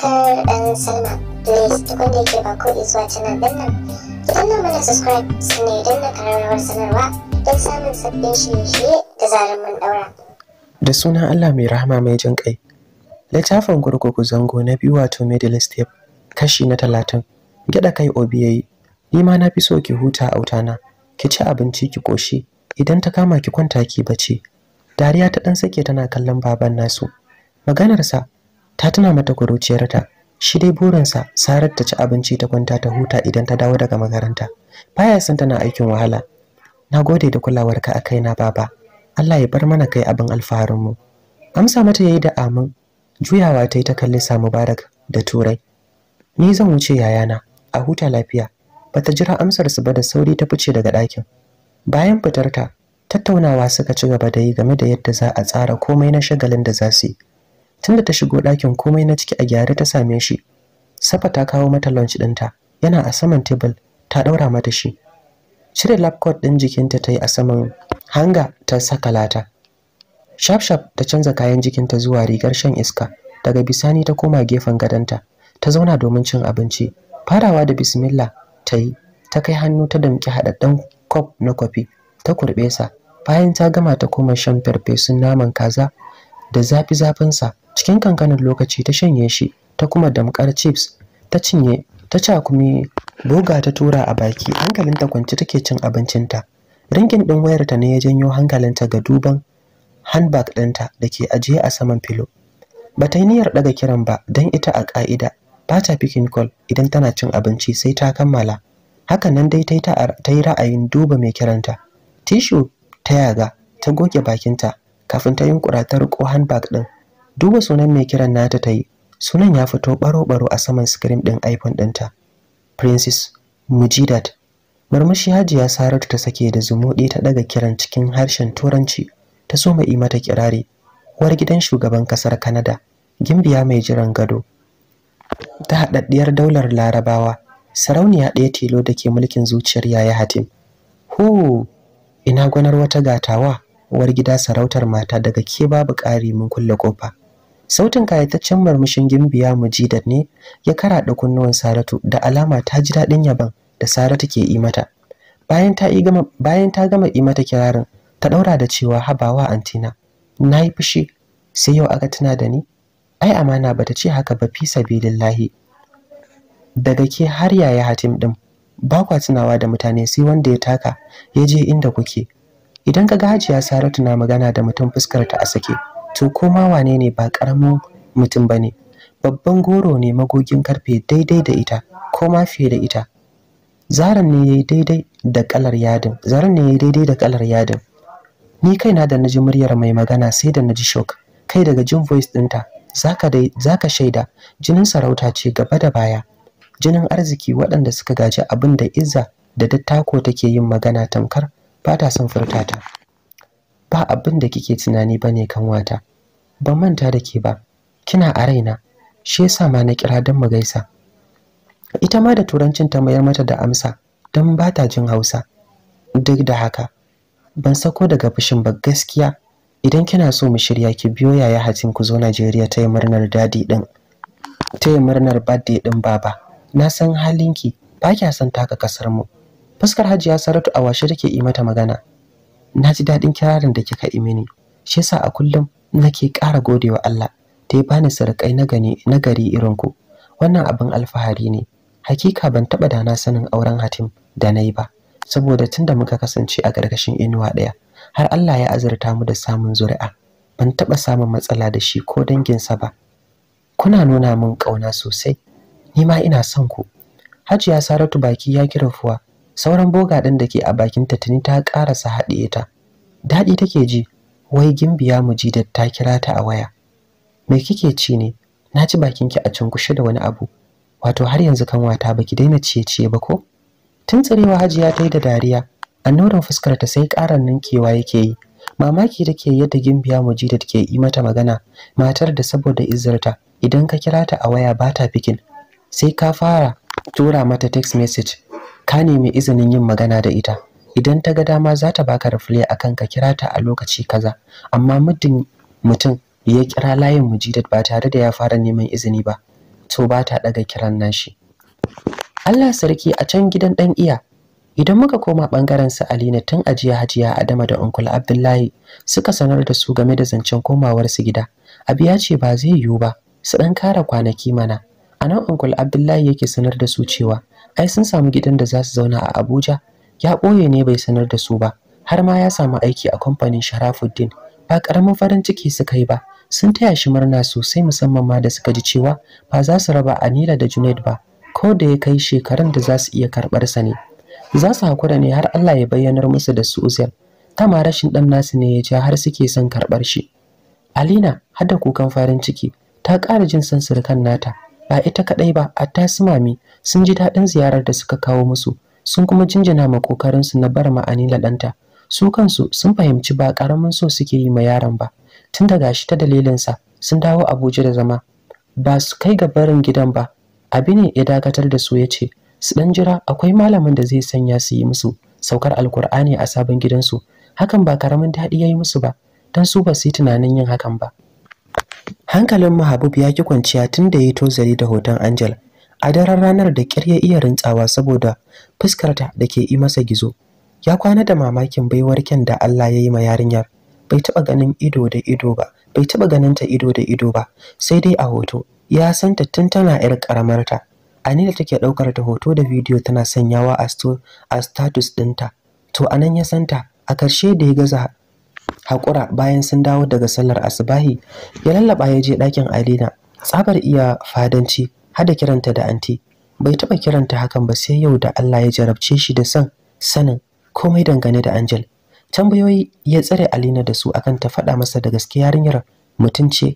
subscribe and sign up. Please tukun da yake ba ko zuwa canal din nan. Ki danna mana subscribe sannan idan na kararrawar sanarwa don samun sabbin shirye-shirye da zarar mun daura. Da sunan Allah mai rahama mai jin ƙai. Littafin gurguku zango na biyu wato middle step kashi na talatin. gida kai obi yayi. Ni ma na fi so ki huta autana. Ki ci abinci ki ƙoshi, Idan ta kama ki kwanta ki bace. Dariya ta dan sake tana kallon baban nasu. Maganarsa ta tuna mata kuruciyarta shi dai burinsa sarar ta ci abinci ta kwanta ta huta idan ta dawo daga makaranta baya san tana aikin wahala na gode da kulawarka a kaina baba Allah ya bar mana kai abin alfaharinmu amsa mata yayi da amin juyawa ta yi ta kalli sa mubarak da turai ni zan wuce yayana a huta lafiya bata jira amsar su ba da sauri ta fice daga ɗakin bayan fitarta tattaunawa suka ci gaba da yi game da yadda za a tsara komai na shagalin da za su yi tunda ta shigo ɗakin komai na ciki a gyare ta same shi safa ta kawo mata lunch ɗinta yana a saman tebul ta ɗaura mata shi cire lab coat ɗin jikinta ta yi a saman hanga ta saka lata shaf shaf ta canza kayan jikinta zuwa rigar shan iska daga bisani ta koma gefen gadonta ta zauna domin cin abinci farawa da bismillah ta yi ta kai hannu ta damƙi haɗaɗɗen kwaf na kwafi ta kurɓe sa bayan ta gama ta koma shan farfesun naman kaza da zafi zafinsa cikin kankanin lokaci ta shanye shi ta kuma damkar chips ta cinye ta cakumi boga ta tura a baki hankalinta kwanci take cin abincinta ringin ɗin wayarta ne ya janyo hankalinta ga duban handbag ɗinta da ke ajiye a saman filo ba ta yi niyyar ɗaga kiran ba don ita a ƙa'ida ba ta picking call idan tana cin abinci sai ta kammala hakan nan dai ta yi ra'ayin duba mai kiranta tishu ta yaga ta goge bakinta kafin ta yunkura ta riko handbag ɗin duba sunan mai kiran nata ta yi sunan ya fito baro-baro a saman screen ɗin iphone ɗinta princess mujidat murmushi hajiya saratu ta sake da zumuɗi ta ɗaga kiran cikin harshen turanci ta so mai mata kirari uwar gidan shugaban kasar Kanada, gimbiya mai jiran gado ta haɗaɗɗiyar daular larabawa sarauniya ɗaya tilo da ke mulkin zuciyar yaya hatim hu ina gwanar wata gatawa War gida sarautar mata daga ke babu ƙari mun kulle ƙofa Sautin kayataccen marmishin gimbiya mujidar ne ya karaɗa kunnuwan Saratu da alama ta ji daɗin yaban da Saratu ke yi mata. Bayan ta gama bayan ta yi mata kirarin, ta ɗaura da cewa habawa antina. Na yi fushi sai yau aka tuna da ni. Ai amana bata ce haka ba fi sabilillahi. Daga ke har yaya Hatim din ba kwa tunawa da mutane sai wanda ya taka ya je inda kuke. Idan ka ga Hajiya Saratu na magana da mutum fuskar ta a sake, to koma wane ne ba ƙaramin mutum ba ne babban goro ne magogin karfe daidai da ita ko ma fiye da ita zaran ne yayi daidai da kalar yadin zaran ne yayi daidai da kalar yadin ni kaina da naji muryar mai magana sai da na ji shock kai daga jin voice dinta zaka dai shaida jinin sarauta ce gaba da baya jinin arziki waɗanda suka gaji abin da izza da dattako take yin magana tamkar ba ta son furtata ba abin da kike tunani ba bane kanwata ban manta da ke ba kina a raina shi yasa ma na kira don mu gaisa ita ma da turancin ta mayar mata da amsa don ba ta jin Hausa duk da haka ban sako daga fushin ba gaskiya idan kina so mu shirya ki biyo yaya Hatim ku zo Najeriya ta yi murnar dadi din ta yi murnar birthday din baba na san halinki ba kya son taka kasar mu fuskar Hajiya Saratu a washe take yi mata magana na ji daɗin kirarin da kika yi mini shi yasa a kullum nake ƙara godewa Allah da ya bani sarƙai na gani na gari irin ku wannan abin alfahari ne hakika ban taɓa dana sanin auren Hatim da nayi ba saboda tunda muka kasance a gargashin inuwa ɗaya har Allah ya azurta mu da samun zuri'a ban taɓa samun matsala da shi ko danginsa ba kuna nuna min ƙauna sosai ni ma ina son ku Hajiya Saratu baki ya kira fuwa sauran boga ɗin da ke a bakinta tuni ta ƙarasa haɗiye ta daɗi take ji wai gimbiya mujidar ta kira ta a waya me kike ci ne na ji bakinki a cunkushe da wani abu wato har yanzu kanwata baki daina ciye-ciye ba ko tun tsarewa hajiya ta yi da dariya annoran fuskar ta sai ƙaran ninkewa yake yi mamaki take yadda gimbiya mu mujidat ke yi mata magana matar da saboda izzarta idan ka kira ta a waya ba ta fikin sai ka fara tura mata text message ka nemi izinin yin magana da ita idan ta ga dama za ta baka replay akan ka kira ta a lokaci kaza amma muddin mutum ya kira layin mujidat ba tare da ya fara neman izini ba to ba ta daga kiran nashi Allah sarki a can gidan dan iya idan muka koma bangaren su Alina tun ajiya Hajiya Adama da Unkul Abdullahi suka sanar da su game da zancen komawar su gida ya ce ba zai yiwu ba su dan kara kwanaki mana anan Unkul Abdullahi yake sanar da su cewa ai sun samu gidan da za su zauna a Abuja ya ɓoye ne bai sanar da su ba har ma ya samu aiki a kamfanin Sharafuddin ba ƙaramin farin ciki suka yi ba sun taya shi murna sosai musamman ma da suka ji cewa ba za su raba Anila da Junaid ba ko da ya kai shekarun da za su iya karɓar sa ne za su hakura ne har Allah ya bayyanar musu da su uzel tama rashin ɗan nasu ne ya ja har suke son karɓar shi Alina hadda kukan farin ciki ta ƙara jin son nata ba ita kadai ba hatta su mami sun ji daɗin ziyarar da suka kawo musu sun kuma jinjina ma kokarinsu na bar ma'ani laɗanta, su kansu sun fahimci ba ƙaramin so suke yi ma yaron ba tun daga shi ta dalilinsa sun dawo abuja da zama ba su kai ga barin gidan ba abi ne ya dakatar da su ya ce su ɗan jira akwai malamin da zai sanya su yi musu saukar alkur'ani a sabon gidansu hakan ba karamin daɗi ya yi musu ba don su ba su yi tunanin yin hakan ba Hankalin Mahabub ya ki kwanciya tun da ya tozali da hoton Angel. A daren ranar da kirye iya rintsawa saboda fuskarta da ke yi masa gizo. Ya kwana da mamakin baiwar kyan da Allah ya yi ma yarinyar. Bai taɓa ganin ido da ido ba, bai taɓa ganin ta ido da ido ba, sai dai a hoto. Ya san ta tun tana 'yar ƙaramarta. Anila take ɗaukar ta hoto da bidiyo tana sanyawa a status ɗinta. To anan ya santa, a ƙarshe da ya gaza Hakura bayan sun dawo daga sallar asubahi ya lallaba ya je ɗakin alina tsabar iya fadanci hada kiranta da anti bai taɓa kiranta hakan ba sai yau da allah ya jarabce shi da san sanin komai dangane da angel tambayoyi ya tsare alina da su akan ta faɗa masa da gaskiya yarinyar mutum ce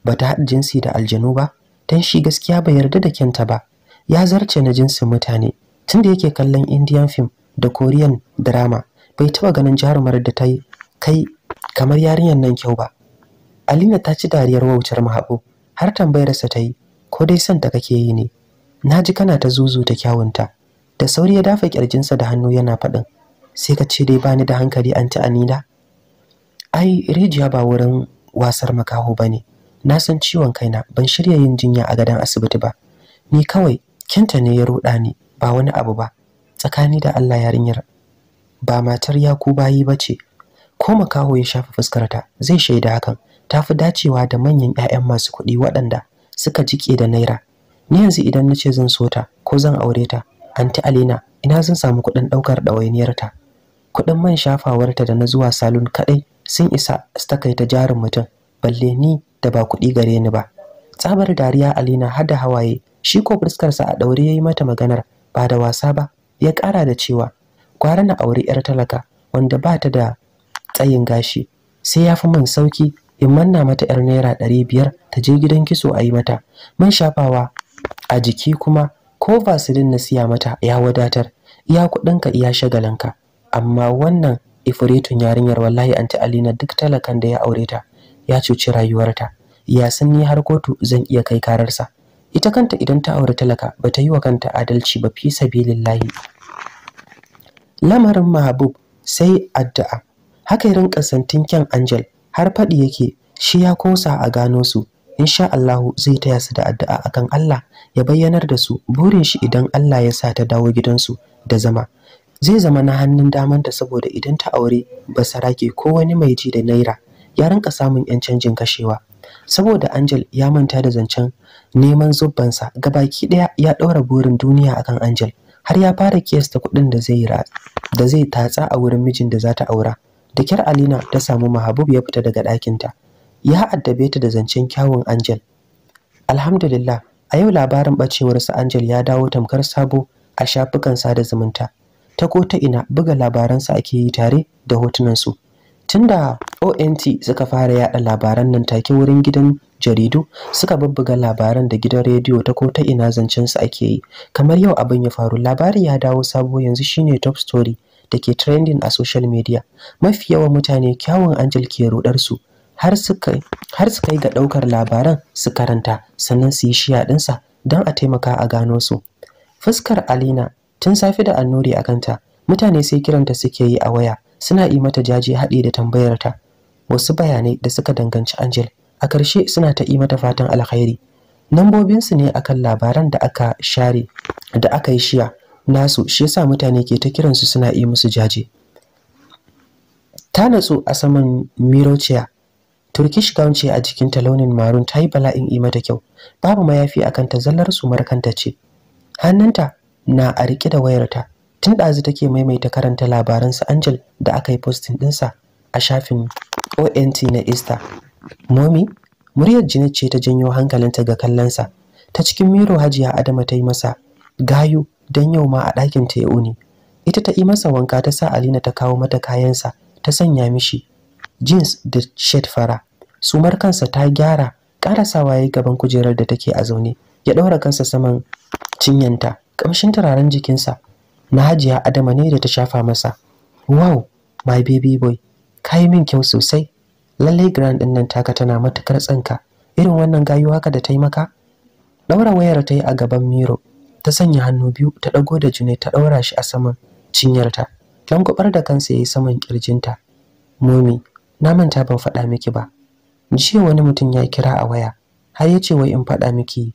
ba ta haɗa jinsi da aljanu ba don shi gaskiya bai yarda da kyanta ba ya zarce na jinsin mutane tunda yake kallon indian film da korean drama bai taɓa ganin jarumar da ta yi kai kamar yarinyar nan kyau ba alina ta ci dariyar wawucar mahabu har tambayarsa ta yi ko dai son ta kake yi ne na ji kana ta zuzu ta kyawunta da sauri ya dafa ƙirjinsa da hannu yana faɗin sai ka ce dai bani da hankali an anti anila ai rijiya ba wurin wasar makaho ba ne na san ciwon kaina ban shirya yin jinya a gadon asibiti ba ni kawai kinta ne ya ruɗa ni ba wani abu ba tsakani da allah yarinyar ba matar yaku bayi ba ce ko makaho ya shafa fuskarta zai shaida hakan ta fi dacewa da manyan 'ya'yan masu kuɗi waɗanda suka jike da naira ni yanzu idan na ce zan so ta ko zan aure ta anti alina ina zan samu kuɗin ɗaukar ɗawainiyarta kuɗin man shafawarta da na zuwa salon kaɗai sun isa su takaita jarin mutum balle ni da ba kuɗi gare ni ba tsabar dariya alina har da hawaye shi ko fuskarsa a ɗaure ya yi mata maganar ba da wasa ba ya ƙara da cewa gwara na auri 'yar talaka wanda ba ta da tsayin gashi sai ya fi min sauki in manna mata yar naira ɗari biyar ta je gidan kitso a yi mata man shafawa a jiki kuma ko vaseline na siya mata ya wadatar iya kuɗinka iya shagalanka amma wannan ifiritun yarinyar wallahi anti alina duk talakan da ya aure ta ya cuci rayuwarta ya san ni har kotu zan iya kai kararsa ita kanta idan ta aure talaka ba ta yi wa kanta adalci ba fi sabilillahi lamarin mahabub sai addu'a haka irin kasantin kyan angel har faɗi yake shi ya kosa a gano su insha Allahu zai taya su da addu'a akan Allah ya bayyanar da su burin shi idan Allah ya sa ta dawo gidansu da zama zai zama na hannun daman ta saboda idan ta aure basarake ko wani mai ji da naira ya rinka samun yan canjin kashewa saboda Angel ya manta da zancen neman zubbansa gabaki ɗaya ya ɗaura burin duniya akan Angel har ya fara kiyasta kuɗin da zai da zai tatsa a wurin mijin da za ta aura da kyar alina ta samu mahabub ya fita daga ɗakinta ya addabe ta da zancen kyawun angel alhamdulillah a yau labarin ɓacewarsa angel ya dawo tamkar sabo a shafukan sada zumunta ta ko ta ina buga labaransa ake yi tare da hotunansu tunda ont suka fara yada labaran nan take wurin gidan jaridu suka bubbuga labaran da gidan rediyo ta ko ta ina zancen su ake yi kamar yau abin ya faru labari ya dawo sabo yanzu shine top story da ke trending a social media mafi yawan mutane kyawun angel ke rudar su har su kai ga daukar labaran su karanta sannan su yi shiya dinsa don a taimaka a gano su fuskar alina tun safi da annuri a kanta mutane sai kiranta suke yi a waya suna yi mata jaje haɗi da tambayarta wasu bayanai da suka danganci angel a ƙarshe suna ta yi mata fatan alkhairi Nambobinsu ne akan labaran da aka share da aka yi shiya nasu shi yasa mutane ke ta kiransu suna yi musu jaje ta natsu a saman mirochia turkish gown ce a jikinta launin marun ta yi bala'in ima da kyau babu mayafi a kanta zallar su markanta ce hannunta na a riƙe da wayarta tun ɗazu take maimaita karanta labaran su angel da aka yi postin ɗinsa a shafin ont na easter momi muryar jini ce ta janyo hankalinta ga kallonsa ta cikin miro hajiya adama ta yi masa gayu don yau ma a ɗakin ta ya uni ita ta yi masa wanka ta sa alina ta kawo mata kayansa ta sanya mishi jeans da shirt fara sumar kansa ta gyara ƙarasawa ya gaban kujerar da take a zaune ya ɗaura kansa saman cinyanta ƙamshin turaren jikinsa na hajiya adama ne da ta shafa masa wow my baby boy ka yi min kyau sosai lallai grand ɗin nan taka tana matuƙar tsanka irin wannan gayu haka da taimaka ɗaura wayar ta yi a gaban miro ta sanya hannu biyu ta ɗago da jini ta ɗaura shi a saman cinyarta. Langwabar da kansa ya yi saman ƙirjinta. Momi, na manta ban faɗa miki ba. Jiya wani mutum ya kira a waya, har ya ce wai in faɗa miki.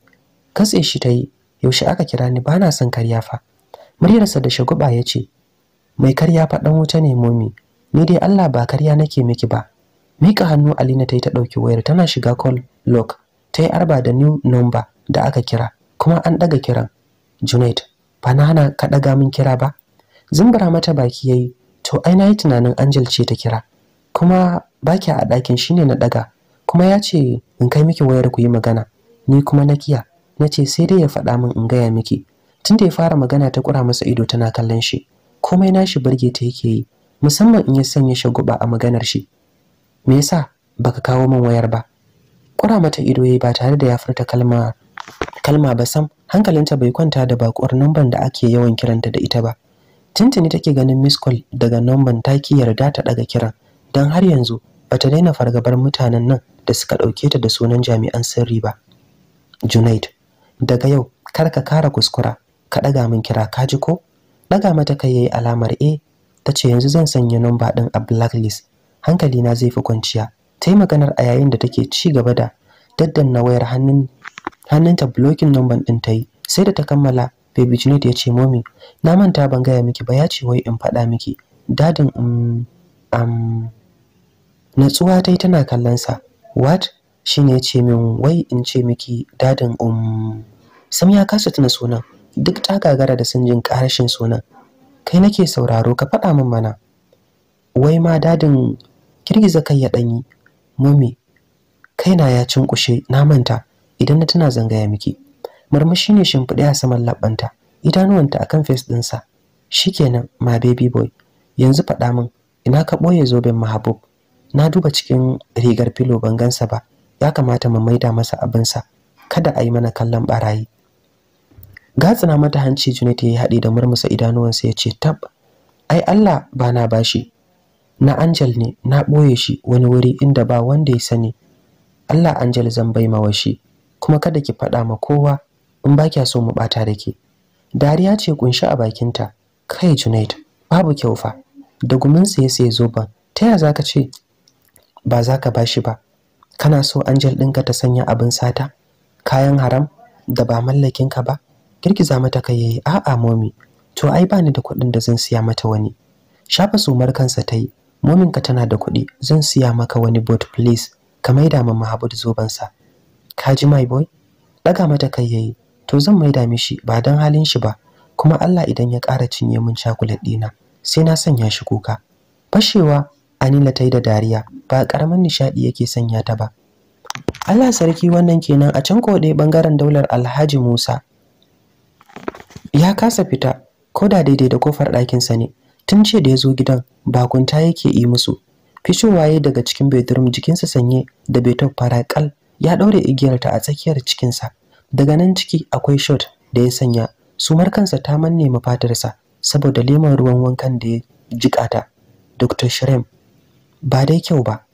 Katse shi ta yi, yaushe aka kira ni Ba na son karya fa. Muryarsa da shaguba ya ce, Mai karya ɗan wuta ne momi, ni dai Allah ba karya nake miki ba. Mika hannu Alina ta yi ta ɗauki wayar tana shiga call lock, ta yi arba da new number da aka kira, kuma an ɗaga kiran. Junaid ba na hana ka ɗaga min kira ba zumbura mata baki yayi to ai na yi tunanin Angel ce ta kira kuma baki a ɗakin shine na ɗaga kuma ya ce in kai miki wayar ku yi magana ni kuma na kiya na ce sai dai ya faɗa min in gaya miki tun da ya fara magana ta kura masa ido tana kallon shi komai nashi burge ta yake yi musamman in ya sanya shaguɓa a maganar shi me yasa baka kawo min wayar ba ƙura mata ido yayi ba tare da ya furta kalma kalma ba sam hankalinta bai kwanta da bakuwar namban da ake yawan kiranta da ita ba tintini take ganin miss daga namban ta ki yarda ta daga kiran don har yanzu ba ta daina fargabar mutanen nan da suka ɗauke ta da sunan jami'an sirri ba junaid daga yau kar ka kara kuskura ka ɗaga min kira ka ji ko ɗaga mata kai yayi alamar A? Eh, ta ce yanzu zan sanya numba ɗin a blacklist hankalina zai fi kwanciya ta yi maganar a yayin da take ci gaba da daddanna wayar hannun hannunta blocking number ɗin ta yi sai da ta kammala baby juliet ya ce momi na manta ban gaya miki ba ya ce wai in faɗa miki dadin um, um, natsuwa ta tana kallon sa what shine ya ce min wai in ce miki dadin um sam ya kasa tuna sunan duk ta gagara da sun jin karashin sunan kai nake sauraro ka faɗa min mana wai ma dadin kirgiza kai ya ɗanyi mami kaina ya cinkushe na manta idan na tana zan gaya miki Murmushi ne shimfiɗe a saman labbanta idanuwanta akan face ɗinsa shikenan ma baby boy yanzu faɗa min ina ka ɓoye zoben mahabub na duba cikin rigar filo ban gansa ba ya kamata mu maida masa abinsa kada a yi mana kallon barayi gatsina mata hanci Junet ya haɗe da murmusa idanuwansa ya ce tab ai Allah ba na bashi na Angel ne na ɓoye shi wani wuri inda ba wanda ya sani Allah Angel zan bai mawa shi kuma kada ki faɗa ma kowa in ba kya so mu ɓata da ke dariya ce kunshi a bakinta kai junaid babu kyau fa da gumin saye saye zoben ta ya za ka ce ba za ka ba shi ba kana so angel ɗinka ta sanya abin sata kayan haram da ba mallakin ka ba girgiza mata kai yayi a'a momi to ai ba ni da kuɗin da zan siya mata wani shafa sumar kansa ta yi mominka tana da kuɗi zan siya maka wani boat please ka maida ma mahabud zobansa. kaji ji my boy daga mata kai yayi to zan mai maida mishi ba dan halin shi ba kuma Allah idan ya ƙara cinye min chocolate dina sai na sanya shi kuka fashewa Anila tai da dariya ba karaman nishadi yake sanya ta ba Allah sarki wannan kenan a can koɗe bangaren daular Alhaji Musa ya kasa fita ko da daidai da kofar ɗakinsa ne tun ce da ya zo gidan bakunta yake yi musu fitowa waye daga cikin bedroom jikinsa sanye da fara farakal ya ɗaure igiyarta a tsakiyar cikinsa daga nan ciki akwai shot da ya sanya sumar kansa ta manne mafatarsa saboda lemon ruwan wankan da ya ta dr shrem ba dai kyau ba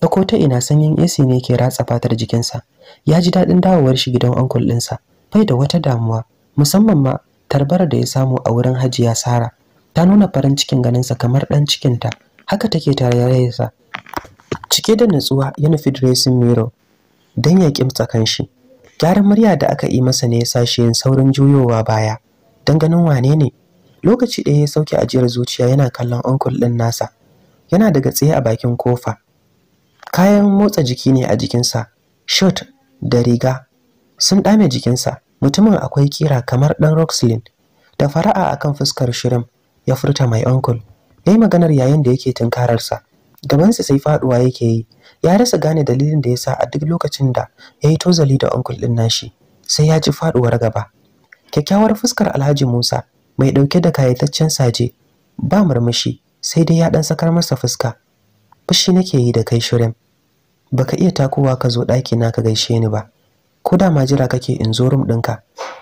dako ta ina sanyin ac ne ke ratsa fatar jikinsa ya ji daɗin dawowar shi gidan ankul ɗinsa bai da wata damuwa musamman ma tarbar da ya samu a wurin hajiya sara ta nuna farin cikin ganinsa kamar ɗan cikinta haka take tarayyarsa cike da nutsuwa ya nufi mirror don ya kimtsa kanshi gyaran murya da aka yi masa ne ya sa shi yin saurin juyowa baya don ganin wane ne lokaci ɗaya ya sauke ajiyar zuciya yana kallon onkul ɗin nasa yana daga tsaye a bakin kofa kayan motsa jiki ne a jikinsa shirt da riga sun ɗame jikinsa mutumin akwai kira kamar ɗan roxlin da fara'a akan fuskar shirin ya furta mai onkul ya yi maganar yayin da yake tunkararsa gabansa sai faɗuwa yake yi ya rasa gane dalilin da ya sa a duk lokacin da ya yi tozali da onkul ɗin nashi sai ya ji faɗuwar gaba kyakkyawar fuskar alhaji musa mai ɗauke da kayataccen saje ba murmushi sai dai ya ɗan sakar masa fuska fushi nake yi da kai shirin baka iya takowa ka zo ɗaki na ka gaishe ni ba ko da ma jira kake in zo rum ɗinka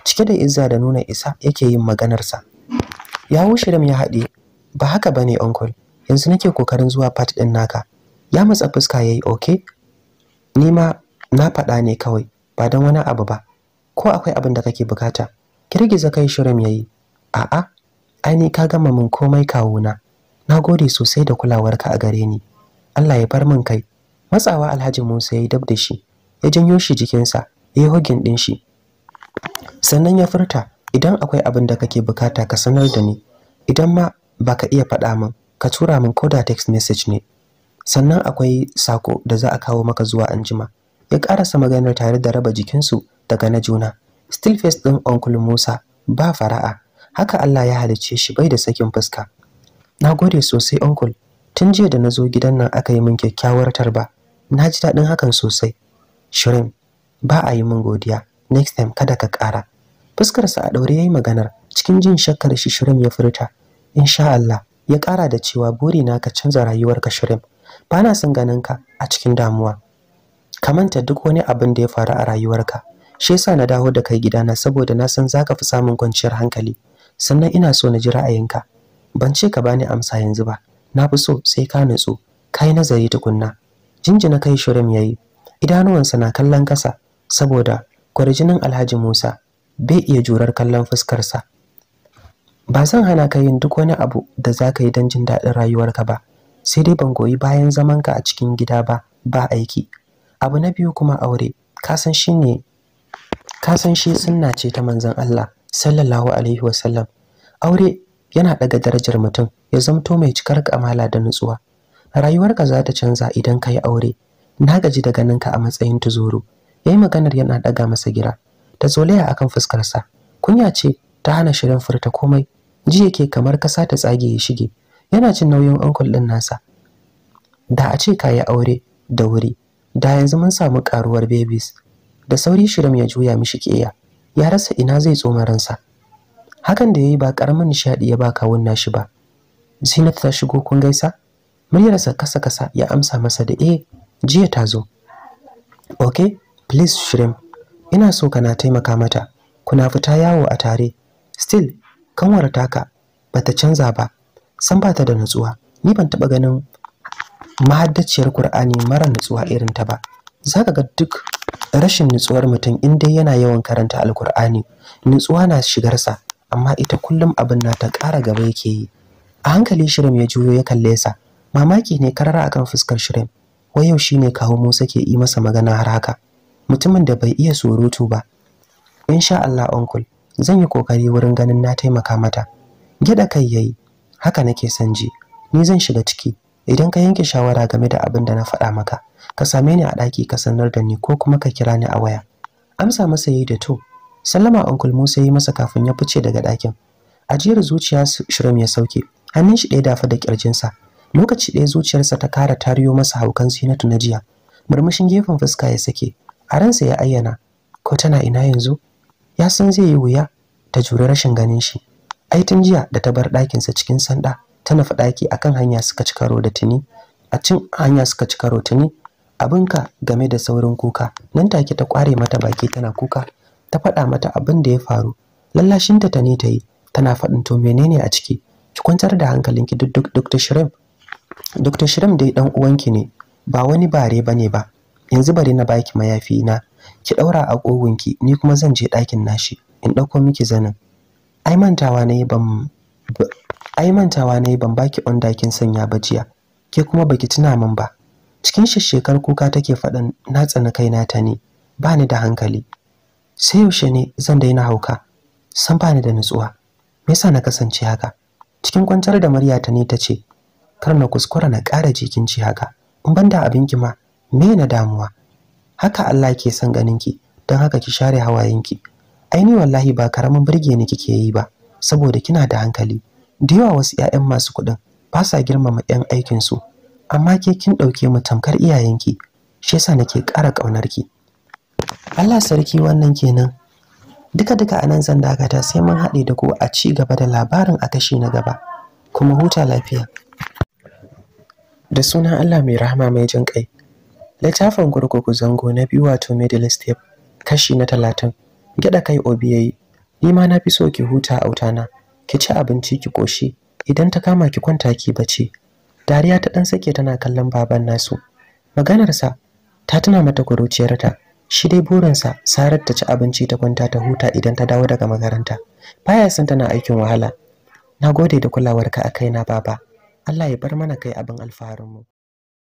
cike da izza da nuna isa yake yin maganarsa yawo shirin ya haɗe ba haka ba ne, uncle yanzu nake kokarin zuwa part ɗin naka ya matsa fuska yayi okay ni ma na faɗa ne kawai ba don wani abu ba ko akwai abin da kake bukata girgiza kai shirin yi. a'a ai ni ka gama min komai kawuna na gode sosai da kulawarka a gare ni Allah ya bar min kai matsawa Alhaji Musa ya yi dab da shi ya janyo shi jikinsa ya yi hogin din shi sannan ya furta idan akwai abin da kake bukata ka sanar da ni idan ma baka iya faɗa min ka tura min koda text message ne sannan akwai sako da za a kawo maka zuwa anjima ya karasa maganar tare da raba jikinsu daga na juna still face din uncle Musa ba fara'a haka Allah ya halicce shi bai da sakin fuska na gode sosai uncle tun jiya da na zo gidan nan aka yi min kyakkyawar tarba na ji daɗin hakan sosai shirin ba a yi min godiya next time kada ka ƙara fuskarsa a ɗaure ya yi maganar cikin jin shakkar shi shirin ya furta insha Allah ya ƙara da cewa buri na ka canza rayuwarka shirin bana son ganin ka a cikin damuwa ka manta duk wani abin da ya faru a rayuwarka shi yasa na dawo da kai gidana saboda na san zaka fi samun kwanciyar hankali sannan ina so na ji ra'ayinka ban ce ka bani amsa yanzu ba na fi so sai ka nutsu kai nazari tukunna jinjina kai shirin yayi idanuwansa na kallon kasa saboda kwarjinin Alhaji Musa bai iya jurar kallon fuskarsa ba zan hana ka yin duk wani abu da zaka yi don jin daɗin rayuwarka ba sai dai ban goyi bayan zamanka a cikin gida ba ba aiki abu na biyu kuma aure kasan shi ne Kasan shi sunna ce ta manzon Allah sallallahu alaihi wasallam aure yana daga darajar mutum ya zamto mai cikar kamala da nutsuwa rayuwarka za ta canza idan ka yi aure na gaji da ganin ka a matsayin tuzuru ya yi maganar yana daga masa gira ta zolaya akan fuskarsa kunya ce ta hana shirin furta komai ji yake kamar kasa ta tsage ya shige yana cin nauyin uncle din nasa da a ce kayi aure da wuri da yanzu mun samu karuwar babies da sauri shirim ya juya mishi keya ya rasa ina zai tsoma ransa hakan da yayi ba karamin nishadi ya baka wannan shi ba Zinat ta shigo kun gaisa muryarsa kasa kasa ya amsa masa da eh jiya ta zo okay please shirim ina so kana taimaka mata kuna fita yawo a tare still kanwar taka bata canza ba san ba ta da nutsuwa ni ban taba ganin mahaddaciyar Kur'ani mara nutsuwa irin ta ba zaka ga duk rashin nutsuwar mutum in dai yana yawan karanta alkur'ani nutsuwa na shigar sa amma ita kullum abin na ta ƙara gaba yake yi a hankali shirim ya juyo ya kalle sa mamaki ne karara akan fuskar shirim wai yau shine kawo Musa ke yi masa magana har haka mutumin da bai iya surutu ba insha Allah uncle zan yi kokari wurin ganin na taimaka mata gida kai yayi haka nake son ji ni zan shiga ciki idan ka yanke shawara game da abin da na faɗa maka ka same ni a ɗaki ka sanar da ni ko kuma ka kira ni a waya amsa masa yayi da to sallama uncle Musa yi masa kafin ya fice daga ɗakin ajiyar zuciya shirim ya sauke hannun shi ɗaya dafa da kirjinsa lokaci ɗaya zuciyarsa ta kara tariyo masa haukan sinatu na jiya murmushin gefen fuska ya sake a ransa ya ayyana ko tana ina yanzu ya san zai yi wuya ta juri rashin ganin shi ai tun jiya da ta bar ɗakinsa cikin sanda ta nufi ɗaki akan hanya suka ci karo da tuni a cin hanya suka ci karo tuni abinka game da saurin kuka nan take ta kware mata baki tana kuka ta faɗa mata abin da ya faru lallashinta ta ne ta yi tana faɗin to menene a ciki ki kwantar da hankalinki duk duk dr da shirim duk dai dan uwanki ne ba wani bare bane ba yanzu bari na baki mayafi na ki ɗaura a kogunki ni kuma zan je ɗakin nashi in ɗauko miki zanin ai mantawa nayi ban ban baki onda kin sanya ba jiya ke kuma baki tuna min ba cikin shishshekar kuka take faɗin na tsani kaina ta ne ba ni da hankali sai yaushe ne zan daina hauka san ba ni da nutsuwa me yasa na kasance haka cikin kwantar da murya ta ne ta ce kar na kuskura na ƙara jikinci haka in ban da abinki ma me na damuwa haka Allah ke son ganinki don haka ki share hawayenki aini wallahi ba karamin burge ni kike yi ba saboda kina da hankali da yawa wasu 'ya'yan masu kuɗin ba sa girmama 'yan aikin su amma ke kin ɗauke mu tamkar iyayenki shi yasa nake ƙara ƙaunar ki Allah sarki wannan kenan duka duka a nan zan dakata sai mun haɗe da ku a ci gaba da labarin a kashi na gaba kuma huta lafiya da sunan Allah mai rahama mai jin kai littafin kurkuku zango na biyu wato middle step kashi na talatin Gyaɗa kai Obi yayi. Ni ma na fi so ki huta a na Ki ci abinci ki koshi. Idan ta kama ki kwanta ki bace. Dariya ta dan sake tana kallon baban nasu. Maganarsa ta tana mata ta Shi dai burinsa Sarar ta ci abinci ta kwanta ta huta idan ta dawo daga makaranta. Baya san tana aikin wahala. Nagode da kulawarka a kaina baba. Allah ya bar mana kai abin alfaharinmu.